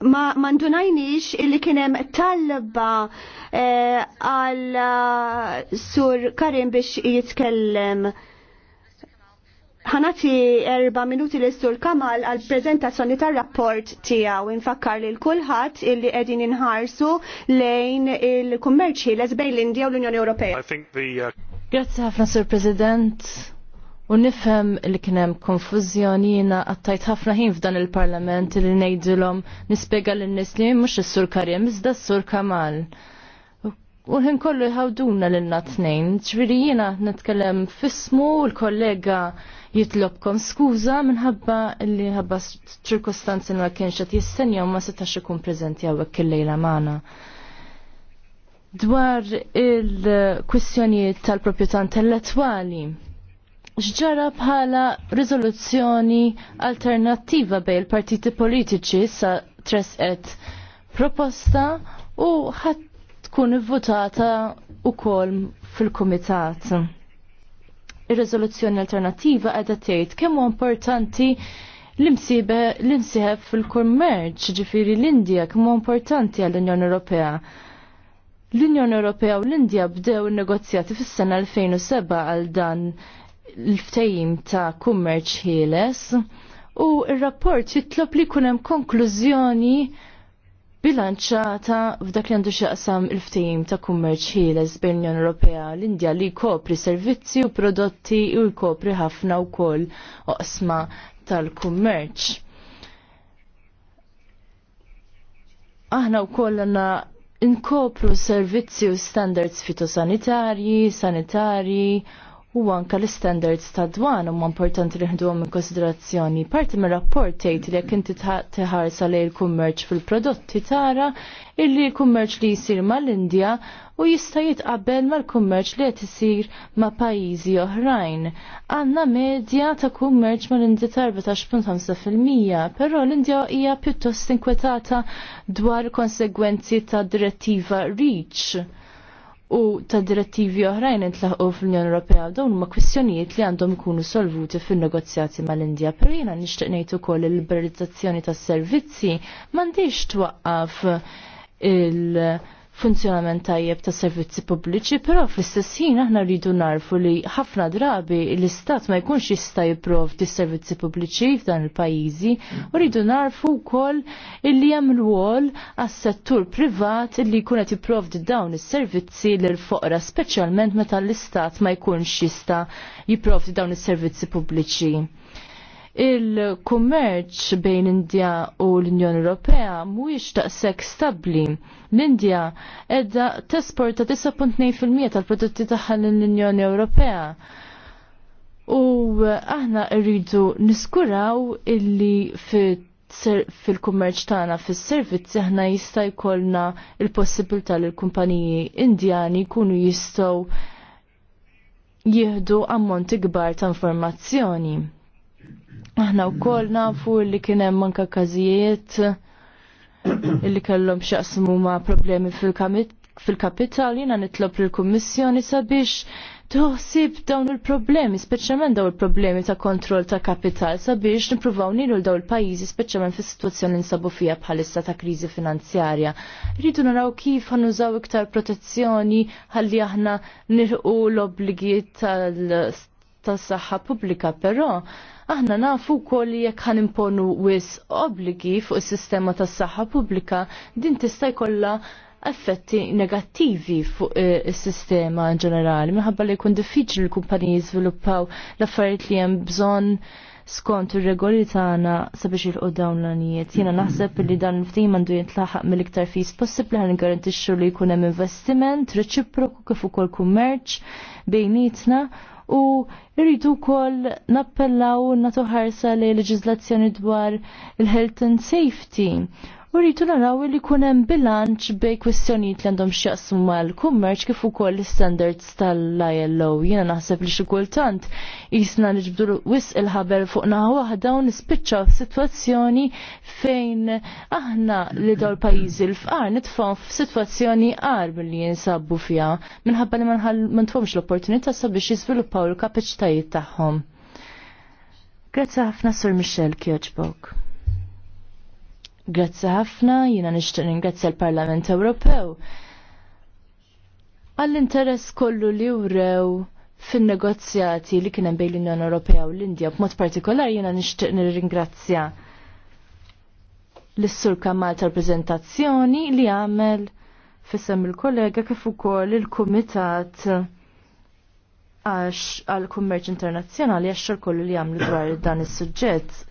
ma mandunajniex illi kienem talba eh, għal e, sur Karim biex jitkellem. Ħanati erba minuti li sur Kamal għal prezentazzjoni tar rapport tiegħu Infakkar li l-kulħat illi edin inħarsu lejn il-kummerċi l-ezbej l-Indija u l-Unjoni Ewropea. Uh, Grazie ħafna, Sur President. U nifhem li kien hemm konfużjoni jiena għattajt ħafna ħin f'dan il-parlament li ngħidulhom nispjega lin-nies li mhux is-sur Karim iżda s-sur Kamal. U ħin kollu jħawduna lilna tnejn, ġviri jiena nitkellem fismu l-kollega jitlobkom skuża minħabba li ħabba ċirkostanzi ma kienx qed jistenja u ma setax ikun preżenti hawnhekk il-lejla magħna. Dwar il-kwistjonijiet tal-proprjetà intellettwali, xġara bħala rizoluzzjoni alternattiva bej il-partiti politiċi sa tresqet proposta u ħat tkun votata u kolm fil-komitat. Ir-rezoluzzjoni alternativa għedha tgħid kemm importanti l-imsieħeb fil-kummerċ, ġifiri l-Indja, kemm importanti għall-Unjoni Ewropea. L-Unjoni Ewropea u l-Indja bdew negozjati fis-sena 2007 għal dan l-ftejim ta' kummerċ ħieles u il-rapport jitlob li kunem konklużjoni bilanċata f'dak li għandu xaqsam il-ftejim ta' kummerċ ħieles bejn l Ewropea l-Indja li kopri servizzi u prodotti u jkopri ħafna u koll oqsma tal-kummerċ. Aħna u koll għanna inkopru servizzi u standards fitosanitarji, sanitarji, sanitarji u anka l-standards ta' dwan huma importanti li ħduhom in konsiderazzjoni. Parti mir-rapport tgħid li jekk inti tħarsa lejn il-kummerċ fil-prodotti tara illi l-kummerċ li jisir mal-Indja u jista' jitqabel mal-kummerċ li qed isir ma' pajjiżi oħrajn. Għandna medja ta' kummerċ mal-Indja ta' 14.5%, però l-Indja hija pjuttost inkwetata dwar konsegwenzi ta' direttiva REACH u ta' direttivi oħrajn intlaħqu fl-Unjoni Ewropea dawn huma kwistjonijiet li għandhom ikunu solvuti fin-negozjati mal-Indja. Per jiena nixtieq ngħid ukoll il-liberalizzazzjoni tas-servizzi m'għandix twaqqaf il- funzjonament tajjeb ta' servizzi pubbliċi, però fl-istess ħin aħna rridu narfu li ħafna drabi l-istat ma jkunx jista' jipprovdi servizzi pubbliċi f'dan il-pajjiżi u rridu narfu wkoll illi hemm rwol għas-settur privat illi jkun qed jipprovdi dawn is-servizzi lil foqra speċjalment meta l-istat ma jkunx jista' jipprovdi dawn is-servizzi pubbliċi. Il-kummerċ bejn Indja u l-Unjoni Ewropea mhuwiex taqsek stabbli. L-Indja edha tesporta 9.2% tal-prodotti tagħha l-Unjoni Ewropea. U aħna rridu niskuraw illi fit fil-kummerċ tagħna fis-servizzi aħna jista' jkollna il-possibilità li l-kumpaniji indjani jkunu jistgħu jieħdu ammonti kbar ta' informazzjoni. Aħna wkoll nafu li kien hemm anke każijiet illi kellhom x'jaqsmu ma' problemi fil-kapital jiena nitlob lill-Kummissjoni sabiex toħsib dawn il-problemi, speċjalment dawn il-problemi ta' kontroll ta' kapital sabiex nippruvaw nilu dawn il-pajjiżi speċjalment fis-sitwazzjoni li nsabu fija bħalissa ta' kriżi finanzjarja. Rridu naraw kif ħanużaw iktar protezzjoni għalli aħna nilqu l-obbligi tal saħħa pubblika, però aħna nafu wkoll li jekk ħanimponu wis obbligi fuq is-sistema tas-saħħa pubblika, din tista' jkollha effetti negattivi fuq eh, is-sistema ġenerali minħabba li jkun diffiċli l-kumpaniji jizviluppaw l-affarijiet li hemm bżonn skont ir-regoli tagħna sabiex ilqu dawn l-anijiet. Jiena naħseb li dan il-ftim għandu jitlaħaq mill-iktar fis possibbli ħan garantixxu li jkun hemm investiment reċiproku kif ukoll kummerċ bejnietna u rridu wkoll nappellaw natuħarsa ħarsa li leġiżlazzjoni dwar il-health and safety u rridu naraw li kunem hemm bilanċ bej kwistjonijiet li għandhom x'jaqsmu mal-kummerċ kif ukoll l-standards tal-ILO. Jiena naħseb li xi kultant jisna niġbdu wisq il-ħaber fuq naħa waħda u nispiċċaw f'sitwazzjoni fejn aħna li daw l-pajjiżi l-fqar nitfgħu f'sitwazzjoni qar li jinsabu fiha minħabba li ma nitfhomx l-opportunità sabiex jiżviluppaw il-kapaċitajiet tagħhom. Grazzi ħafna Sur Michel Kjoċbok. Grazzi ħafna, jina nixtieq ringrazzja l-Parlament Ewropew għall-interess kollu li wrew fin-negozjati li kien hemm bejn l-Unjoni Ewropea u l-Indja b'mod partikolari jiena nixtieq nirringrazzja l-Sur Kamal tal prezentazzjoni li għamel fissem il-kollega kif ukoll il-Kumitat għal kummerċ internazzjonali għax kollu li għamlu dwar dan is-suġġett.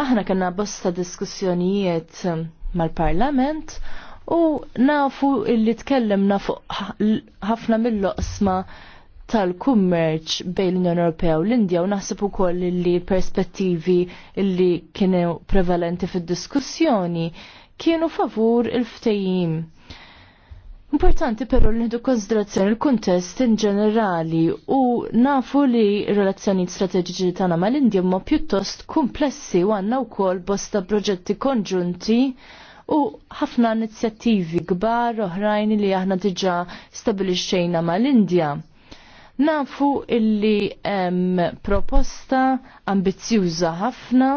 Aħna kena bosta diskussjonijiet um, mal-parlament u nafu illi tkellimna fuq ħafna mill-loqsma tal-kummerċ bejn l-Unjoni Ewropea u l-Indja u naħseb ukoll li perspettivi li kienu prevalenti fid-diskussjoni kienu favur il-ftejim Importanti però li nħedu konsiderazzjoni l-kuntest in ġenerali u nafu li relazzjonijiet strateġiċi tagħna mal-Indja huma pjuttost komplessi u għandna wkoll bosta proġetti konġunti u ħafna inizjattivi kbar oħrajn li aħna diġà stabilixxejna mal-Indja. Nafu illi hemm proposta ambizzjuża ħafna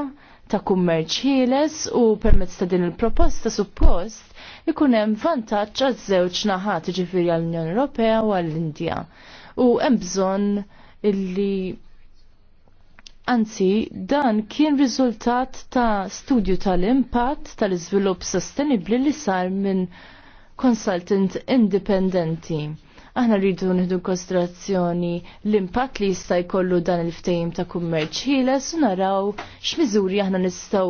ta' kummerċ ħieles u permezz ta' din il-proposta suppost ikun hemm vantaġġ għaż-żewġ naħat ġifieri għall-Unjoni Ewropea u għall-Indja. U hemm bżonn illi Anzi, dan kien riżultat ta' studju tal-impatt tal-iżvilupp sostenibbli li sar minn konsultant indipendenti aħna rridu nħidu konsiderazzjoni l-impatt li jista' jkollu dan il-ftehim ta' kummerċ ħieles u naraw x'miżuri aħna nistgħu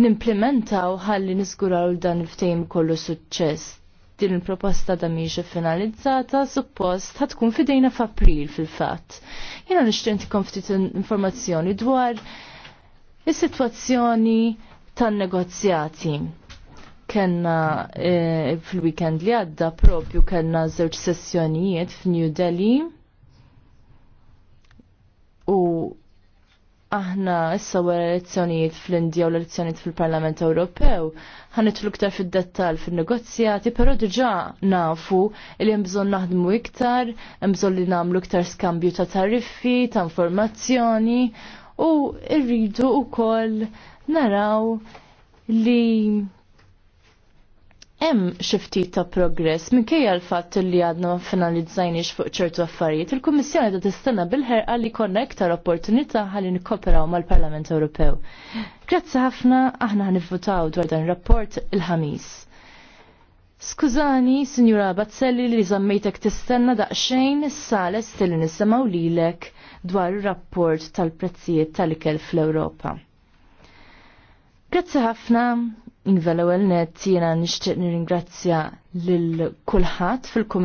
nimplementaw ħalli niżguraw dan il ftejm kollu suċċess. Din il-proposta da miġi finalizzata, suppost ħatkun fidejna f'April fil-fatt. Jena nixtentikom ftit informazzjoni dwar is-sitwazzjoni tan-negozjati kenna eh, fil-weekend li għadda propju kenna zewċ sessjonijiet f'New Delhi aħna issa wara elezzjonijiet fl-Indja u l-elezzjonijiet fil-Parlament Ewropew, ħanitlu iktar fid-dettal fin-negozjati, però diġa' nafu li hemm bżonn naħdmu iktar, hemm bżonn li nagħmlu iktar skambju ta' tariffi, ta' informazzjoni u rridu wkoll naraw li hemm xi ftit ta' progress minkejja l-fatt li għadna finalizzajniex fuq ċertu affarijiet, il-Kummissjoni ta' tistenna bil-ħerqa li konna iktar opportunità ħalli nikkoperaw mal-Parlament Ewropew. Grazzi ħafna aħna ħnivvutaw dwar dan rapport il-ħamis. Skużani, Sinjura Bazzelli li żammejtek tistenna daqsxejn s-sales li nisimgħu lilek dwar ir-rapport tal-prezzijiet tal-ikel fl-Ewropa. Grazzi ħafna Iva l-ewwel nett jiena nixtieq nirringrazzja lil kulħadd fil